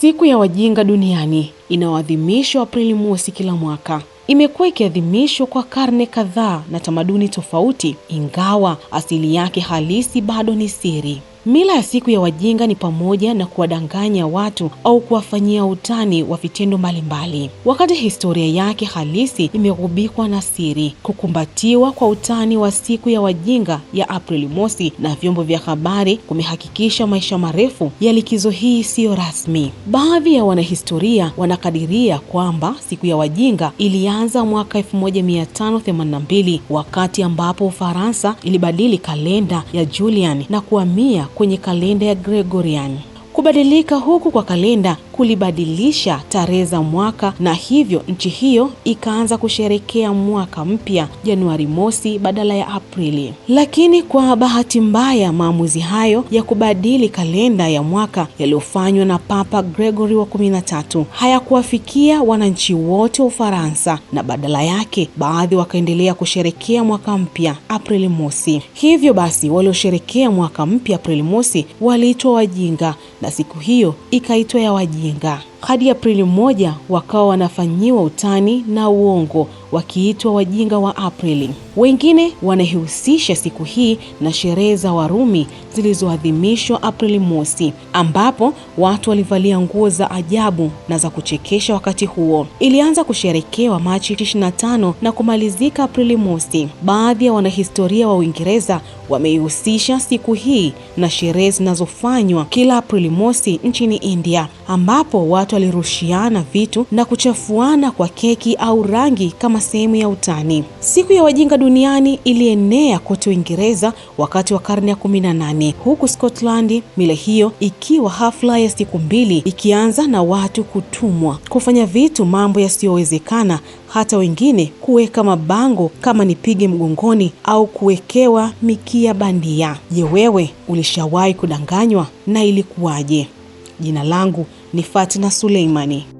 Siku ya Wajinga Duniani inayoadhimishwa Aprili mosi kila mwaka imekuwa ikiadhimishwa kwa karne kadhaa na tamaduni tofauti, ingawa asili yake halisi bado ni siri. Mila ya siku ya wajinga ni pamoja na kuwadanganya watu au kuwafanyia utani wa vitendo mbalimbali, wakati historia yake halisi imegubikwa na siri. Kukumbatiwa kwa utani wa siku ya wajinga ya Aprili mosi na vyombo vya habari kumehakikisha maisha marefu ya likizo hii siyo rasmi. Baadhi ya wanahistoria wanakadiria kwamba siku ya wajinga ilianza mwaka 1582 wakati ambapo Ufaransa ilibadili kalenda ya Julian na kuhamia kwenye kalenda ya Gregorian. Kubadilika huku kwa kalenda kulibadilisha tarehe za mwaka, na hivyo nchi hiyo ikaanza kusherekea mwaka mpya Januari mosi badala ya Aprili. Lakini kwa bahati mbaya, maamuzi hayo ya kubadili kalenda ya mwaka yaliyofanywa na Papa Gregory wa kumi na tatu hayakuwafikia wananchi wote wa Ufaransa, na badala yake baadhi wakaendelea kusherekea mwaka mpya Aprili mosi. Hivyo basi waliosherekea mwaka mpya Aprili mosi waliitwa wajinga na siku hiyo ikaitwa ya wajinga kujenga. Hadi Aprili moja wakawa wanafanyiwa utani na uongo wakiitwa wajinga wa Aprili. Wengine wanaihusisha siku hii na sherehe za Warumi zilizoadhimishwa Aprili mosi, ambapo watu walivalia nguo za ajabu na za kuchekesha. Wakati huo ilianza kusherekewa Machi 25 na kumalizika Aprili mosi. Baadhi ya wanahistoria wa Uingereza wameihusisha siku hii na sherehe zinazofanywa kila Aprili mosi nchini India, ambapo watu walirushiana vitu na kuchafuana kwa keki au rangi kama na sehemu ya utani. Siku ya wajinga duniani ilienea kote Uingereza wakati wa karne ya 18 huku Scotland, mila hiyo ikiwa hafla ya siku mbili ikianza na watu kutumwa kufanya vitu mambo yasiyowezekana, hata wengine kuweka mabango kama nipige mgongoni au kuwekewa mikia bandia. Je, wewe ulishawahi kudanganywa na ilikuwaje? Jina langu ni fatna Suleimani.